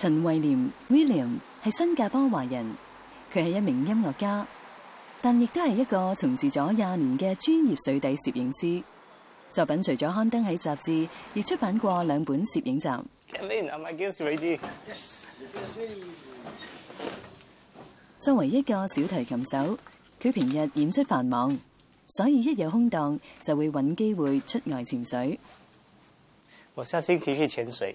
陳為廉 William 係新加坡華人，佢係一名音樂家，但亦都係一個從事咗廿年嘅專業水底攝影師。作品除咗刊登喺雜誌，亦出版過兩本攝影集。In, I'm yes. 作為一個小提琴手，佢平日演出繁忙，所以一有空檔就會揾機會出外潛水。我下星期去潛水。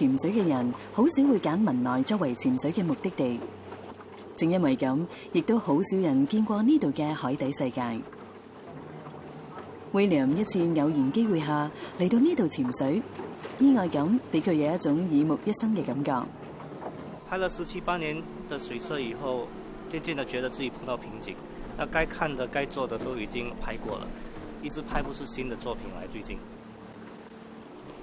潛水嘅人好少會揀文萊作為潛水嘅目的地，正因為咁，亦都好少人見過呢度嘅海底世界。William 一次偶然機會下嚟到呢度潛水，意外咁俾佢有一種耳目一新嘅感覺。拍了十七八年的水攝以後，漸漸地覺得自己碰到瓶頸，那該看的、該做的都已經拍過了，一直拍不出新的作品來，最近。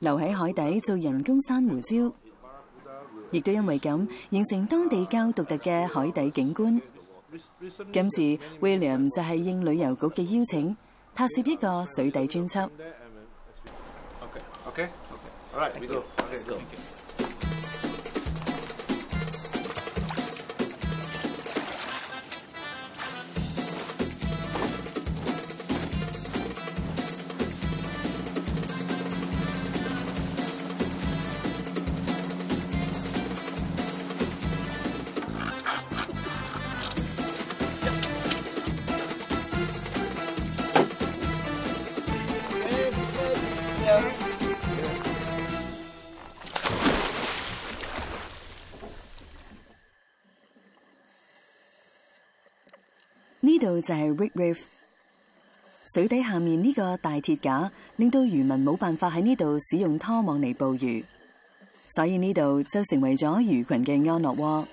留喺海底做人工珊瑚礁，亦都因為咁形成當地較獨特嘅海底景觀。今次 William 就係應旅遊局嘅邀請，拍攝一個水底專輯。Okay. Okay. Alright, we go. Okay, let's go. 呢度就係 Rig Reef，水底下面呢個大鐵架，令到漁民冇辦法喺呢度使用拖網嚟捕魚，所以呢度就成為咗魚群嘅安樂窩。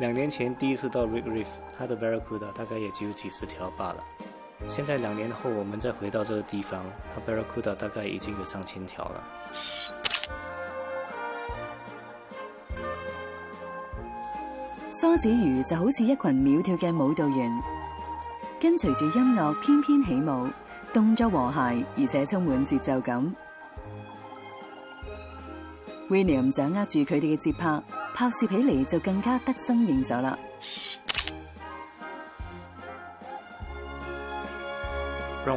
兩年前第一次到 Rig Reef，它的 Barracuda 大概也只有幾十條罷了。現在兩年後，我們再回到這個地方，barracuda 大概已經有上千條了。梭子魚就好似一群苗條嘅舞蹈員，跟隨住音樂翩翩起舞，動作和諧而且充滿節奏感。William 掌握住佢哋嘅節拍，拍攝起嚟就更加得心應手啦。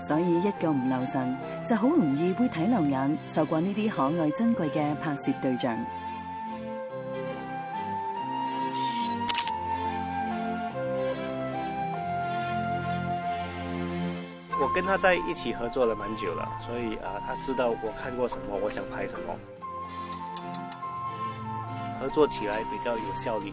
所以一個唔留神，就好容易會睇漏眼，錯過呢啲可愛珍貴嘅拍攝對象。我跟他在一起合作咗蠻久了，所以啊，他知道我看過什麼，我想拍什麼，合作起來比較有效率。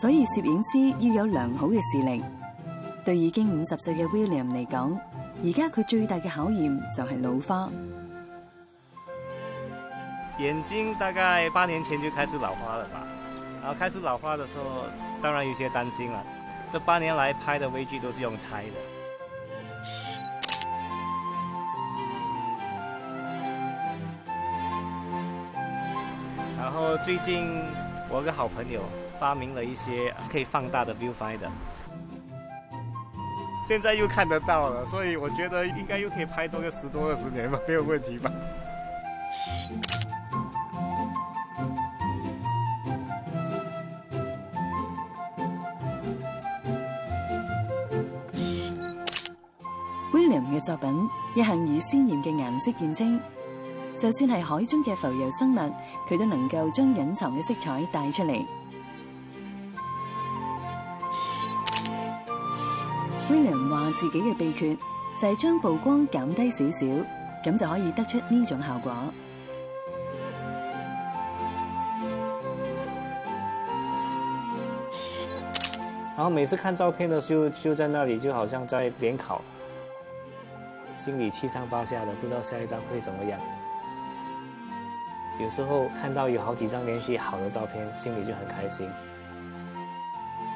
所以攝影師要有良好嘅視力。對已經五十歲嘅 William 嚟講，而家佢最大嘅考驗就係老花。眼睛大概八年前就開始老花了吧，然後開始老花嘅時候，當然有些擔心啦。這八年來拍嘅微距都是用猜的。然後最近我個好朋友，發明了一些可以放大的 viewfinder，現在又看得到了，所以我覺得應該又可以拍多個十多二十年吧，沒有問題吧。William 嘅作品一向以鮮艷嘅顏色見稱，就算係海中嘅浮游生物，佢都能夠將隱藏嘅色彩帶出嚟。威廉話自己嘅秘訣就係將曝光減低少少，咁就可以得出呢種效果。然後每次看照片的時候，就在那裏就好像在點考，心裏七上八下的，不知道下一張會怎麼樣。有時候看到有好幾張連續好的照片，心裏就很開心。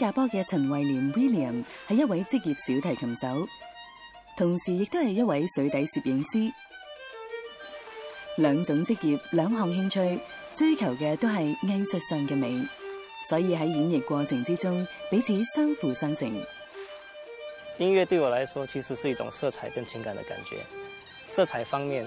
新加坡嘅陳為廉 William 係一位職業小提琴手，同時亦都係一位水底攝影師。兩種職業，兩項興趣，追求嘅都係藝術上嘅美，所以喺演繹過程之中，彼此相輔相成。音樂對我來說，其實是一種色彩跟情感的感覺。色彩方面。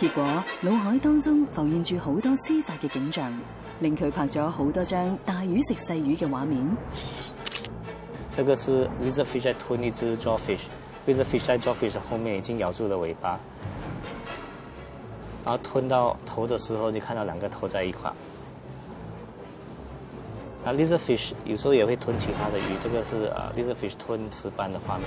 結果腦海當中浮現住好多廝殺嘅景象，令佢拍咗好多張大魚食細魚嘅畫面。這個是 lizard fish 在吞一隻 jawfish，lizard fish 在 jawfish 後面已經咬住了尾巴，然後吞到頭的時候就看到兩個頭在一塊。啊，lizard fish 有時候也會吞其他的魚，這個是啊 lizard fish 吞石斑的畫面。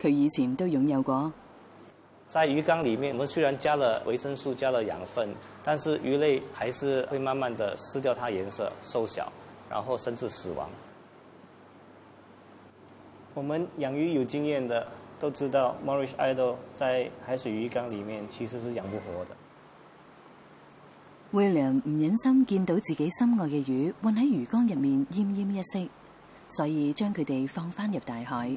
佢以前都擁有過。在魚缸裏面，我們雖然加了維生素、加了養分，但是魚類還是會慢慢的失掉它顏色、瘦小，然後甚至死亡。我們養魚有經驗的都知道，Moorish Idol 在海水魚缸裏面其實是養不活的。William 唔忍心見到自己心愛嘅魚混喺魚缸入面奄奄一息，所以將佢哋放翻入大海。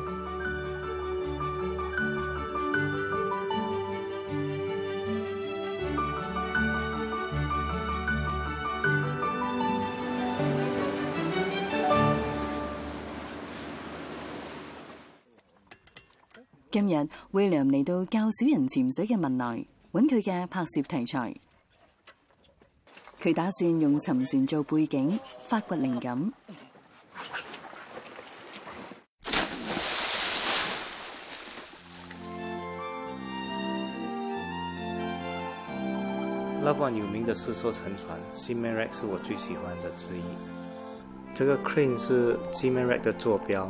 今日 William 嚟到較少人潛水嘅文萊，揾佢嘅拍攝題材。佢打算用沉船做背景，發掘靈感。Labuan 有名的四艘沉船，Zimmerac 是我最喜歡的之一。這個 crane 是 Zimmerac 的坐標。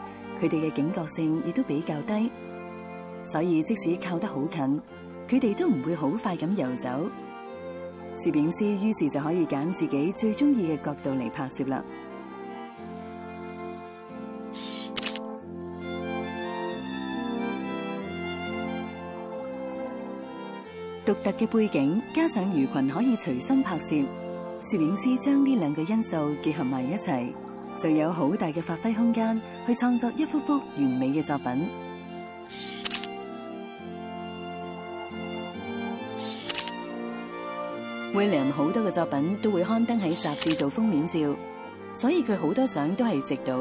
佢哋嘅警覺性亦都比較低，所以即使靠得好近，佢哋都唔會好快咁游走。攝影師於是就可以揀自己最中意嘅角度嚟拍攝啦。獨特嘅背景加上魚群可以隨身拍攝，攝影師將呢兩個因素結合埋一齊，就有好大嘅發揮空間，去創作一幅幅完美嘅作品。William 好多嘅作品都會刊登喺雜誌做封面照，所以佢好多相都係直到。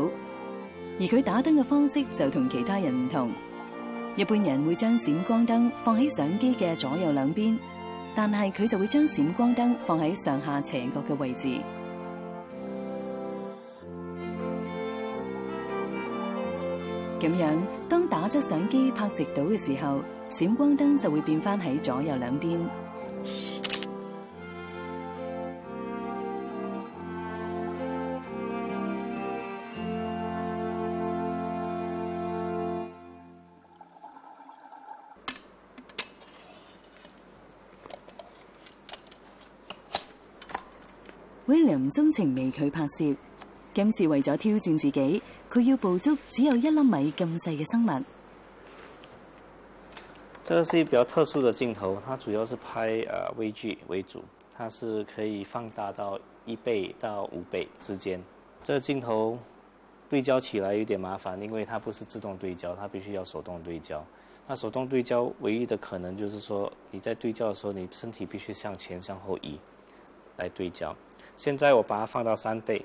而佢打燈嘅方式就同其他人唔同，一般人會將閃光燈放喺相機嘅左右兩邊，但係佢就會將閃光燈放喺上下斜角嘅位置。咁樣，當打側相機拍直到嘅時候，閃光燈就會變翻喺左右兩邊。William 鍾情微距拍攝。今次為咗挑戰自己，佢要捕捉只有一粒米咁細嘅生物。這個是一比較特殊的鏡頭，它主要是拍啊微距為主，它是可以放大到一倍到五倍之間。這個鏡頭對焦起來有點麻煩，因為它不是自動對焦，它必須要手動對焦。那手動對焦唯一的可能就是說，你在對焦的時候，你身體必須向前向後移來對焦。現在我把它放到三倍。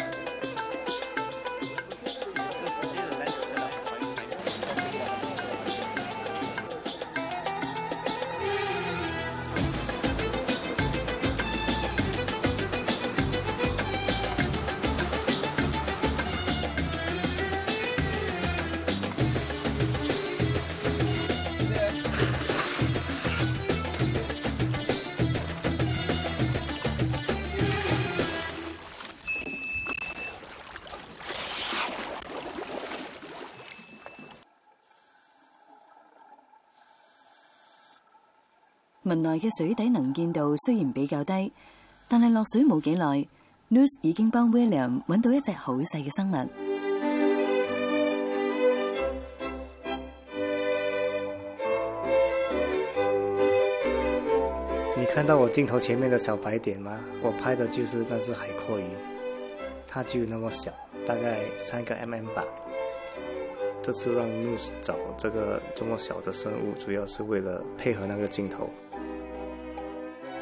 文內嘅水底能見度雖然比較低，但係落水冇幾耐，Nus 已經幫 William 搵到一隻好細嘅生物。你看到我鏡頭前面嘅小白點嗎？我拍嘅就是，那隻海蛞蝓，它就那麼小，大概三個 mm 吧。這次讓 Nus 找這個這麼小的生物，主要是為了配合那個鏡頭。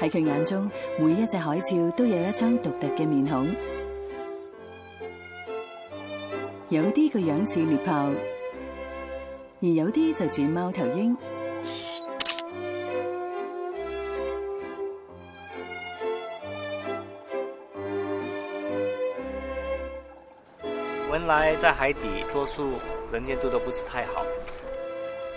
喺佢眼中，每一隻海鞘，都有一張獨特嘅面孔，有啲個樣似獵豹，而有啲就似貓頭鷹。文萊在海底，多數能見度都不是太好。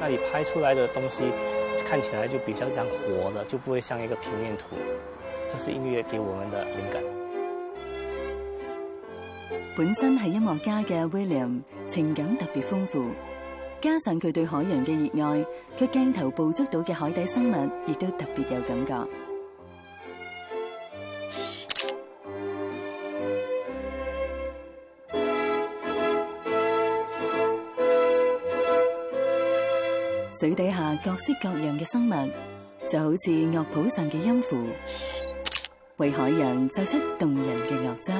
那裏拍出來的東西看起來就比較像活的，就不會像一個平面圖。這是音樂給我們的靈感。本身係音樂家嘅 William，情感特別豐富，加上佢對海洋嘅熱愛，佢鏡頭捕捉到嘅海底生物亦都特別有感覺。水底下各式各樣嘅生物，就好似樂譜上嘅音符，為海洋奏出動人嘅樂章。